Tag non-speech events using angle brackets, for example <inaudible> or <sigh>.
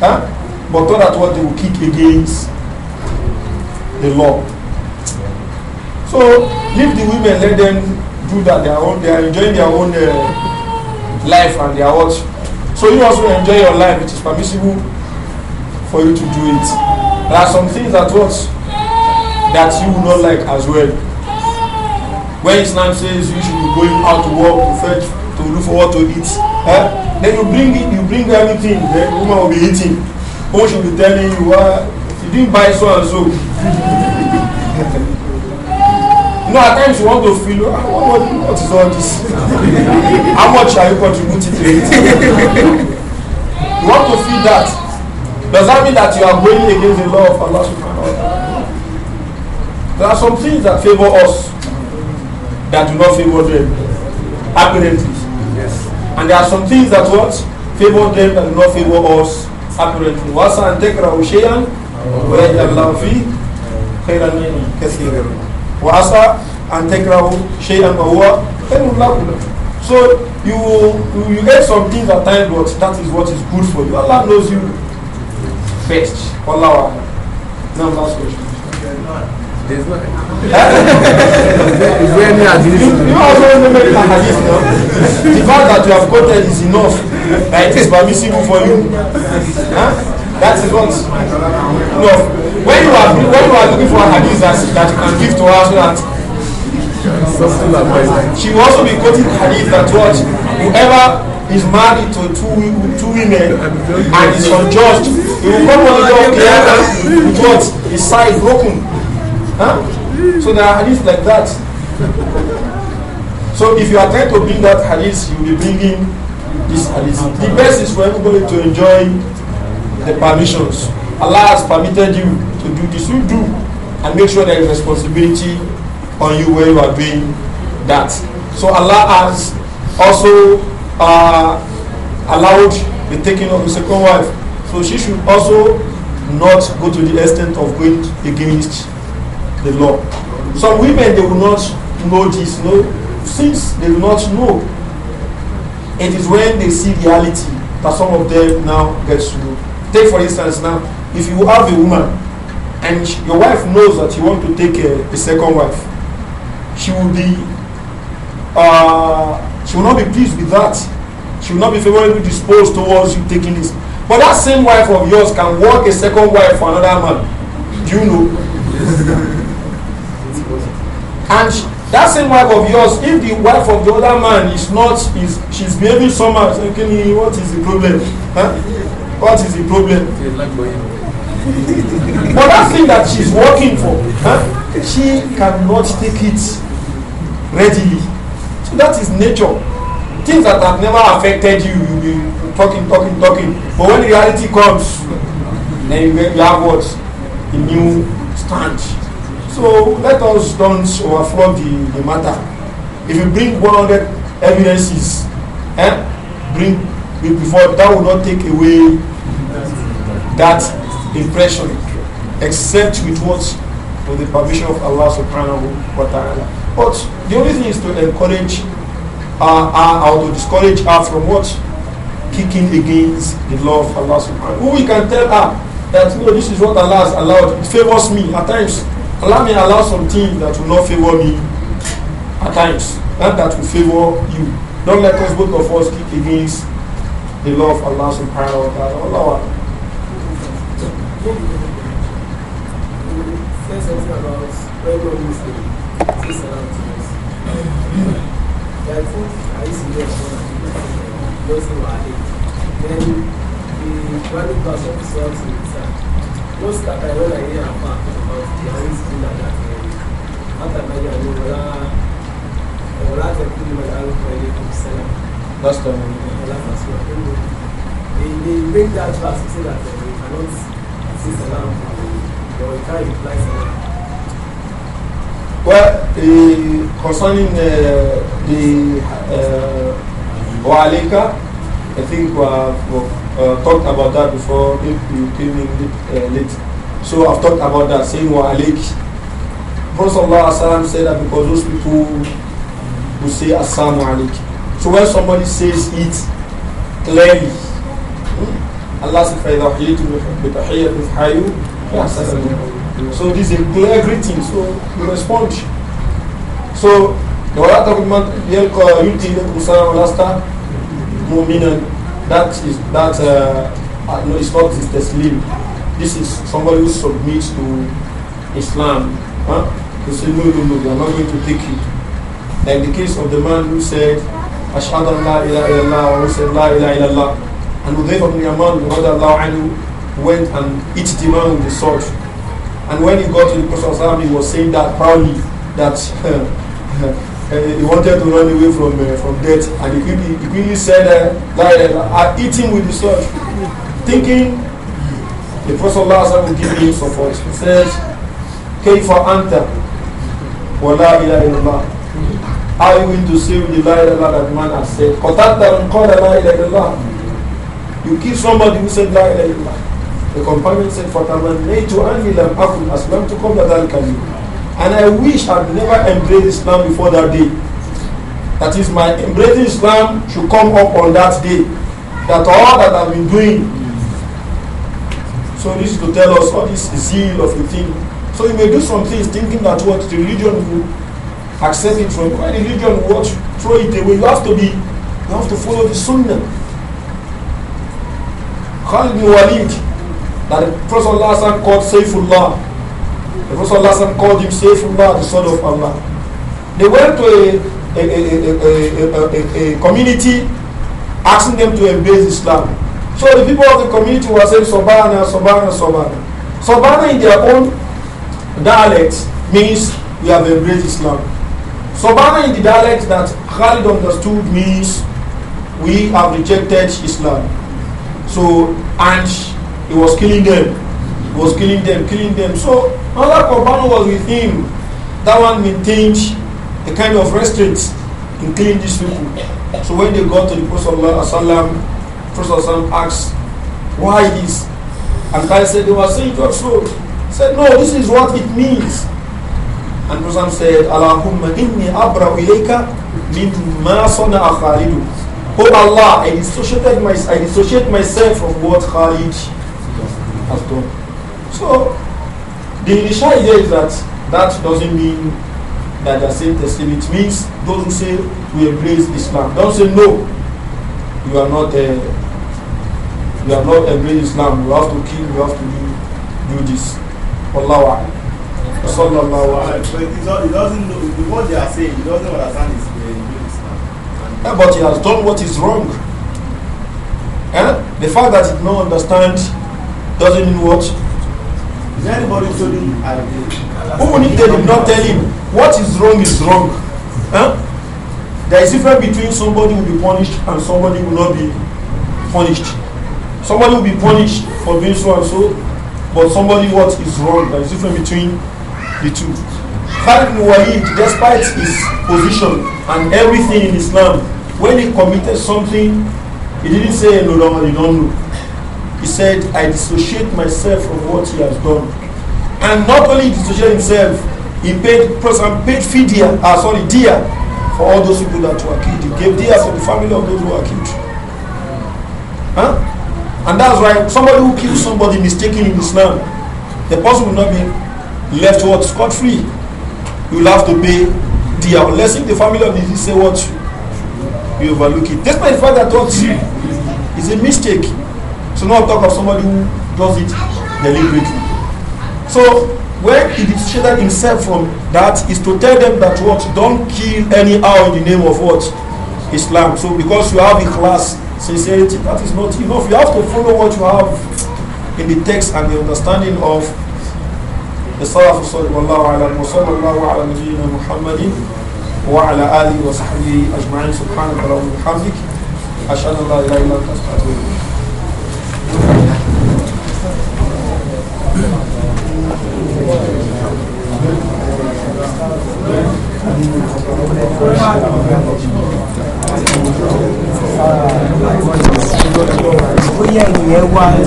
Huh? But not that what they will kick against the law. So leave the women, let them do that their own, they are enjoying their own uh, life and their what. So you also enjoy your life, it is permissible for you to do it. There are some things that what that you will not like as well. When Islam says you should be going out to work to fetch, to look for what to eat, huh? Then you bring it, you bring everything, the woman will be eating. Woman should be telling you, ah, you didn't buy so and so. you know, at times you want to feel, ah, what, what, what is all this? How much are you contributing to it? you want to feel that. Does that mean that you are going against the law of Allah subhanahu wa ta'ala? There are some things that favor us that do not favor them apparently. Yes. And there are some things that what? Favor them and not favor us apparently. وَاسَا أَن تَكْرَهُ شَيْئًا وَيَجْعَلْ اللَّهُ فِيهِ خَيْرًا كَثِيرًا وَاسَا أَن تَكْرَهُ where وَهُوَ love لَكُمْ so you you get some things at times, but that is what is good for you. Allah knows you best. Allah. Now last question. There's no. there, is there any hadith? You, you also know many hadith now. The fact that you have quoted is enough. That it is permissible for you. Huh? That is not enough. When you are when you are looking for a hadith that, that you can give to her so that she will also be quoting hadith that what whoever is married to two two women and is unjust, he will come on the door of the with what his side broken. Huh? So there are hadiths like that. so if you are trying to bring that hadith, you will be bringing this hadith. The best is for everybody to enjoy the permissions. Allah has permitted you to do this. You do. And make sure there is responsibility on you where you are doing that. So Allah has also uh, allowed the taking of the second wife. So she should also not go to the extent of going against the law. Some women, they will not know this. No, since they will not know, it is when they see reality that some of them now get to know. Take, for instance, now, if you have a woman and your wife knows that you want to take a, a second wife, she will be, uh, she will not be pleased with that. She will not be favorably disposed towards you taking this. But that same wife of yours can work a second wife for another man. Do you know? <laughs> And that same wife of yours, if the wife of the other man is not, is she's behaving somehow, thinking, what is the problem? Huh? What is the problem? <laughs> but that thing that she's working for, huh? she cannot take it readily. So that is nature. Things that have never affected you, you be talking, talking, talking. But when reality comes, then you have what? A new stand. So let us don't overflow the, the matter. If you bring 100 evidences, eh, bring before that will not take away that impression, except with what with the permission of Allah Subhanahu wa Taala. But the only thing is to encourage uh, uh, or to discourage her from what kicking against the law of Allah Subhanahu. Who we can tell her that no, this is what Allah has allowed. It favors me at times. Allow me allow some things that will not favor me at times, and that will favor you. Don't let us both of us kick against the law of Allah subhanahu wa ta'ala. Allah. Then the most that I when the school that uh, after my year, to Last time. They they make that verse say that uh, cannot see salam or we can't reply Well, uh, concerning uh, the uh, Wa'alika, I think we have, uh, talked about that before if you came in late, uh, late. So I've talked about that, saying wa alik. Prophet said that because those people who say assalamu alik. So when somebody says it clearly, hmm, Allah said, So this is a clear greeting, so you respond. So, the ولا تقل من يلقى يلقي إليكم السلام mu'minan. That is that uh, uh, no, it's not this taslim. This is somebody who submits to Islam. Huh? They say no, no, no, we are not going to take it. Like the case of the man who said, Ashhadu an la ilaha illallah, or who said la ilaha illallah. And Udayf ibn Yaman anhu, went and hit the man with the sword. And when he got to the Prophet he was saying that proudly, that <laughs> uh, Eh, he wanted to run away from eh, from death, and the queen, the queen said that I eat him with the sword, thinking the Prophet will give him support. He says, for anta, wala ilaha illallah." How are you going to see the la ilaha that man has said? Qatata and qala la ilaha illallah. You kill somebody who said la ilaha illallah. The companion said, فَتَمَنَّيْتُ أَنِّي لَمْ أَكُنْ أَسْلَمْتُ قَبْلَ ذَلِكَ الْيَوْمِ and I wish I would never embraced Islam before that day. That is, my embracing Islam should come up on that day. That all that I've been doing. So this is to tell us all this zeal of the thing. So you may do some things thinking that what the religion will accept it from you. Why religion will throw it away? You have to be, you have to follow the sunnah. Khalid bin Walid, that the Prophet called Saifullah, the Prophet called him Saifullah, the son of Allah. They went to a, a, a, a, community asking them to embrace Islam. So the people of the community were saying Sobana, Sobana, Sobana. Sobana in their own dialect means we have embraced Islam. Sobana in the dialect that Khalid understood means we have rejected Islam. So, and he was killing them was killing them, killing them. So another companion was with him. That one maintained a kind of restraint in killing these people. So when they got to the Prophet Sallallahu Prophet asked, why this? And Khalid said, they were saying to us, so said, no, this is what it means. And Prophet said, Allahumma inni abra ilayka Oh Allah, I dissociated my, I dissociate myself from what Khalid has done. So the initial idea is that that doesn't mean that I say Teslim. It means those who say we embrace Islam. Don't say no, you are not a, uh, you are not embracing Islam. You have to kill, you have to do, do this. Allah Sallallahu But he doesn't know what saying, he doesn't understand Islam. Uh, yeah, but he has done what is wrong. Eh? The fact that he does not understand doesn't mean what Is anybody telling I agree? Even if they did not tell him, what is wrong is wrong. Huh? There is difference between somebody will be punished and somebody will not be punished. Somebody will be punished for being so and so, but somebody what is wrong. There is difference between the two. Khalid Walid, despite his position and everything in Islam, when he committed something, he didn't say, no, no, you don't know. He said, I dissociate myself from what he has done. And not only dissociate himself, he paid person paid fidya, uh, ah, sorry, dear for all those people that were killed. He gave dear for the family of those who were killed. Huh? And that's why somebody who kills somebody mistaken in Islam, the person will not be left what scot-free. He will have to pay dear unless if the family of the deceased say what you overlook it. Despite the fact that what is a mistake. So now I talk of somebody who does it deliberately. So where he dissociated himself from that is to tell them that what don't kill anyhow in the name of what Islam. So because you have a class sincerity, that is not enough. You have to follow what you have in the text and the understanding of the Salaf صلى الله على وصلى الله على نبينا محمد وعلى آله وصحبه أجمعين سبحانك اللهم وبحمدك أشهد أن لا إله إلا أنت أستغفرك bóyá wá ní.